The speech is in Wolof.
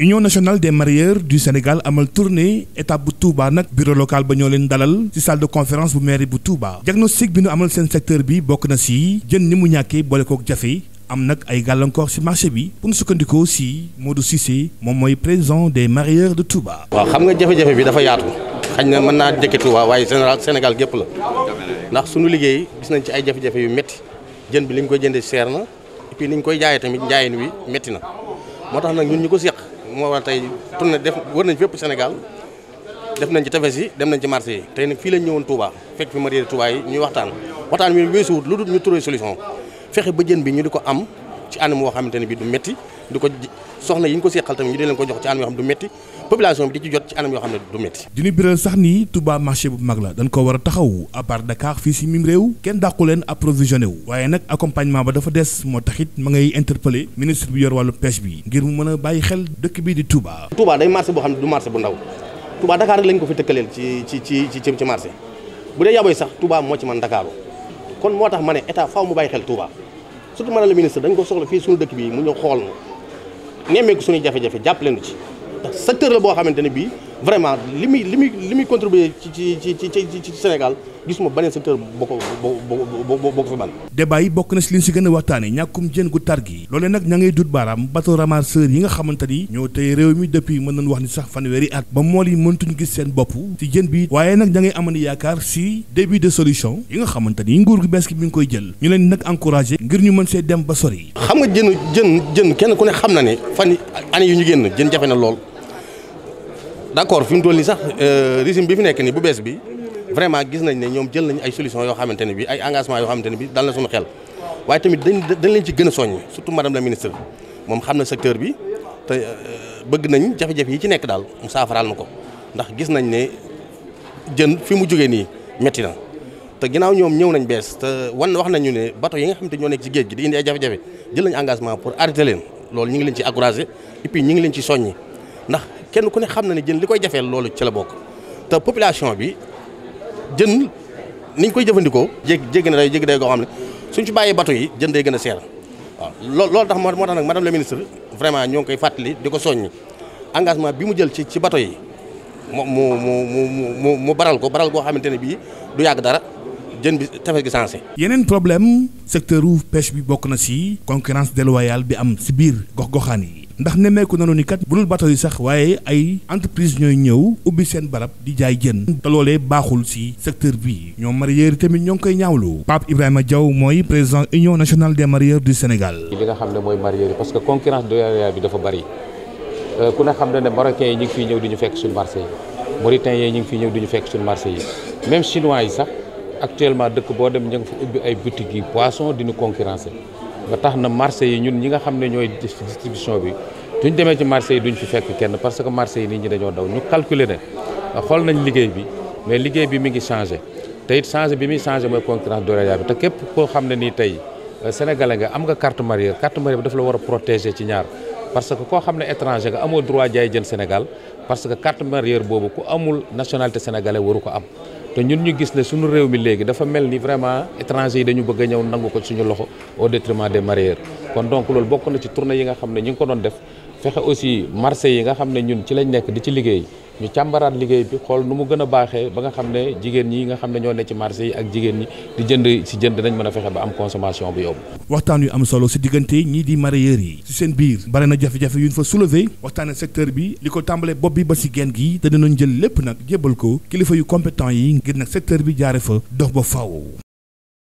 Union nationale des mareyeurs du Sénégal amal tournée état bu Touba nag bureau local ba ñoo leen dalal ci salle de conférence bu mairie bu Touba diagnostic bi ñu amal seen secteur bi bokk na ci jën ni mu ñàkkee boole kook jafe am nag ay gàllankoor ci marché bi pour ñu sukkandikoo ci Modou Cissé moom mooy président de mareyeurs de Touba. waa xam nga jafe-jafe bi dafa yaatu xañ na mën naa jëkke Touba waaye général Sénégal gépp la ndax sunu liggéey gis nañ ci ay jafe yu métti jën bi li ñu jëndee seer na et puis koy jaayee tamit njaayin wi métti na moo tax nag ñu ko seq moo war tey na def wër nañ fépp Sénégal def nañ ci tefes yi dem nañ ci marché yi tey nag fii lañ ñëwoon Touba fekk fi marié Touba yi ñuy waxtaan waxtaan bi weesuwut lu dul ñu trouvé solution fexe ba jën bi ñu di ko am ci anam woo xamante ne bi du métti du ko soxna yi ñu ko seqal tamit ñu di leen ko jox ci anam yoo xam du métti population bi di ci jot ci anam yoo xam ne du métti dinu biral sax ni Touba marché bu mag la dañ ko war a taxaw à part Dakar fii si mim réew kenn dàqu leen approvisionné wu waaye nag accompagnement ba dafa des moo taxit ma ngay interpellé ministre bi yor wàllu pêche bi ngir mu mën a bàyyi xel dëkk bii di Touba Touba day marché boo xam ne du marché bu ndaw Touba Dakar rek lañ ko fi tëkkaleel ci ci ci ci ci marché bu dee yaboy sax Touba moo ci man ndakaa kon moo tax ma ne état faaw mu bàyyi xel Touba surtout ma ne la dañ ko soxla fii suñu dëkk bi mu ñëw xool na nemmeeku suñu jafe-jafe jàpp ci ndax secteur la boo xamante ne bii vraiment li muy li muy li muy contribuer ci ci ci ci ci Sénégal gisuma beneen secteur boo ko boo boo ko fi man débat yi bokk na si liñ si gën a waxtaanee ñàkkum jën gu tar gi loolee nag ña ngay dut baaraam bateau ramasseur yi nga xamante ni ñoo tey réew mi depuis mën nañu wax ni sax fanweeri at ba mool yi mëntuñ gis seen bopp si jën bi waaye nag ña ngay amani yaakaar si début de solution yi nga xamante ni nguur gu bees gi mi ngi koy jël ñu leen nag encouragé ngir ñu mën see dem ba sori. xam nga jën jën jën kenn ku ne xam na ne fan année yu ñu génn jën jafe na lool d'accord fi mu toll nii sax euh, régime bi fi nekk nii bu bees bi vraiment gis nañ ne ñoom jël nañ ay solution yoo xamante ne bi ay engagement yoo xamante ne bi dal na suñu xel waaye tamit dañ dañ leen ci gën a soññ surtout madame la ministre moom xam na secteur bi te euh, bëgg nañ jafe-jafe yi ci nekk daal mu saafaraal na ko ndax gis nañ ne jën fi mu jógee nii métti na te ginnaaw ñoom ñëw nañ bees te wan wax nañu ne bateau yi nga xam te ñoo nekk ci géej gi di indi ay jafe-jafe pour arrêter leen loolu ñu ngi leen ci encouragé et ñu ngi leen ci soññi ndax kenn ku ne xam na ne jën li koy jafeel loolu ci la bokk te population bi jën niñ koy jëfandikoo. jég jéggi na day jéggi day goo xam ne suñ ci bàyyee bato yi jën day gën a seer waaw loolu loolu tax moo tax nag madame la ministre vraiment ñoo koy fàttali di ko soññi engagement bi mu jël ci ci bateau yi mu mu mu mu mu baral ko baral koo xamante ne bii du yàgg dara. jën bi tefes gi sensé. yeneen problème secteur u pêche bi bokk na ci concurrence déloyale bi am ci biir gox-goxaan yi. ndax nemmeeku nanu ni kat bu dul bateau yi sax waaye ay entreprise ñooy ñëw ubbi seen barab di jaay jën te loolee baaxul si secteur bi ñoo mareyeurs tamit ñoo ngi koy ñaawlu Pape Ibrahima jaw mooy président union nationale des mareyeurs du Sénégal. li nga xam ne mooy mareyeurs yi parce que concurrence doyale bi dafa bari euh, ku ne xam ne ne marocains yi ñu ngi fiy ñëw di ñu fekk suñu marché yi mauritaniens yi ñu ngi fiy ñëw di ñu fekk suñu marché yi même chinois yi sax actuellement dëkk boo dem ñu ngi fa ubbi ay boutiques yi poisson di ñu ba tax na marché yi ñun ñi nga xam ne ñooy distribution bi duñ demee ci marché yi duñ fi fekk kenn parce que marché yi nit ñi dañoo daw ñu calculer ne xool nañ liggéey bi mais liggéey bi mi ngi changé tey it bi muy changé mooy concurrence déloyale bi te képp koo xam ne nii tey euh, sénégalais nga am nga carte mareyeur carte mareyeur bi daf la war a protéger ci ñaar parce que koo xam ne étranger nga amoo droit jaay jën Sénégal parce que carte mareyeur boobu ku amul nationalité sénégalais waru ko am te ñun ñu gis ne suñu réew mi léegi dafa mel ni vraiment étranger yi dañu bëgg ñëw nangu ko suñu loxo au détriment de mareyeurs kon donc loolu bokk na ci tournée yi nga xam ne ñu ngi ko doon def fexe aussi marché yi nga xam ne ñun ci lañ nekk di ci liggéey ñu càmbaraat liggéey bi xool nu mu gën a baaxee ba nga xam ne jigéen ñi nga xam ne ñoo ne ci marché yi ak jigéen ñi di jënd si jënd nañ mën a fexe ba am consommation bu yomb. waxtaan yu am solo si diggante ñii di mareyeur yi. si seen biir bare na jafe-jafe yu ñu fa soulever waxtaane secteur bi li ko tàmbalee bopp bi ba si genn gi te dinañ jël lépp nag jébbal ko kilifa yu compétent yi ngir nag secteur bi jaare fa dox ba faaw.